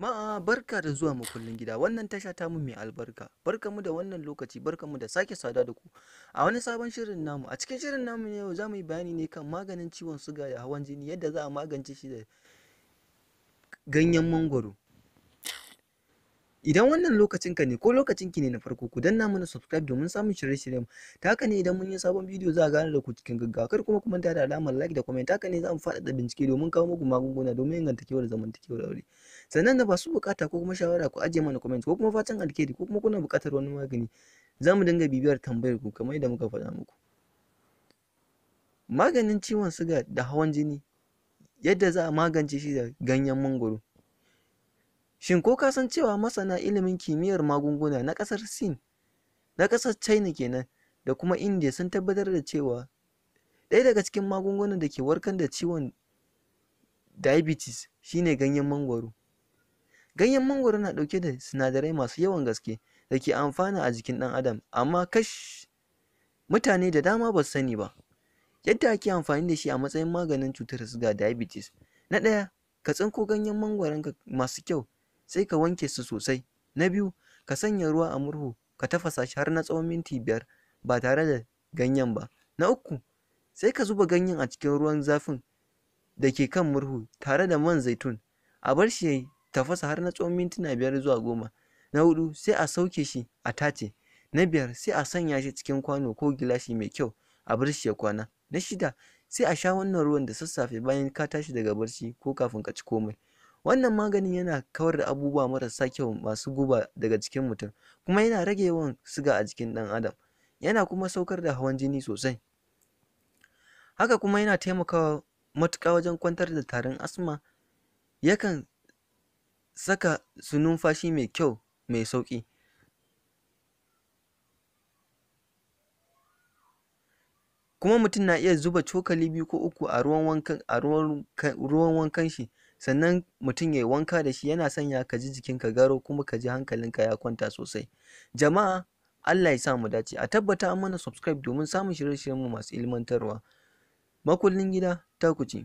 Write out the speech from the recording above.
Ma'a barka da zuwa makullin gida wannan tasha ta mun mai albarka mu da wannan lokaci mu da sake sada da ku a wani sabon shirin namu a cikin shirin namu ne yau zamu yi bayani ne kan maganin ciwon suga da hawan jini yadda za a magance shi da ganyen mangwaro Idan wannan lokacin ka ne ko lokacin ki ne na farko ku danna mana subscribe domin samun shirye-shiryen ta haka ne idan mun yi sabon bidiyo za a gane da ku cikin gaggawa kar kuma ku manta da alamar like da comment haka ne za mu faɗaɗa bincike domin kawo muku magunguna domin inganta kewar zamantakewar aure. Sannan da ba su bukata ko kuma shawara ku ajiye mana comment ko kuma fatan alkhairi ko kuma kuna bukatar wani magani za mu dinga bibiyar tambayar ku kamar yadda muka faɗa muku. Maganin ciwon suga da hawan jini yadda za a magance shi da ganyen mangoro. Shin ko ka san cewa masana ilimin kimiyyar magunguna na ƙasar Sin, na ƙasar China kenan da kuma India sun tabbatar da cewa ɗaya daga cikin magungunan da ke warkar da ciwon diabetes shine ganyen mangwaro. Ganyen mangwaro na ɗauke da sinadarai masu yawan gaske da ke amfana a jikin ɗan adam, amma kash mutane da dama ba su sani ba. Yadda ake amfani da shi a matsayin maganin cutar suga diabetes. Na ɗaya, ka tsinko ganyen mangwaronka masu kyau sai ka wanke su sosai na biyu ka sanya ruwa a murhu ka tafasa shi har na tsawon minti biyar ba tare da ganyen ba na uku sai ka zuba ganyen a cikin ruwan zafin da ke kan murhu tare da man zaitun a bar shi ya tafasa har na tsawon mintuna biyar zuwa goma na hudu sai a sauke shi a tace na biyar sai a sanya shi cikin kwano ko gilashi mai kyau a bar shi ya kwana na shida sai a sha wannan ruwan da sassafe bayan ka tashi daga barci ko kafin ka ci komai wannan maganin yana kawar da abubuwa marasa kyau masu guba daga jikin mutum kuma yana rage yawan siga a jikin ɗan adam yana kuma saukar da hawan jini sosai haka kuma yana taimakawa matuƙa wajen kwantar da tarin asma yakan saka su numfashi mai kyau mai sauƙi kuma mutum na iya zuba cokali biyu ko uku a ruwan wankan shi sannan mutum ya yi wanka da shi yana sanya ka ji jikinka garo kuma ka ji hankalinka ya kwanta sosai jama'a Allah ya sa mu dace a tabbata an mana subscribe domin samun shirye-shiryenmu masu ilmantarwa makullin gida ta ku ce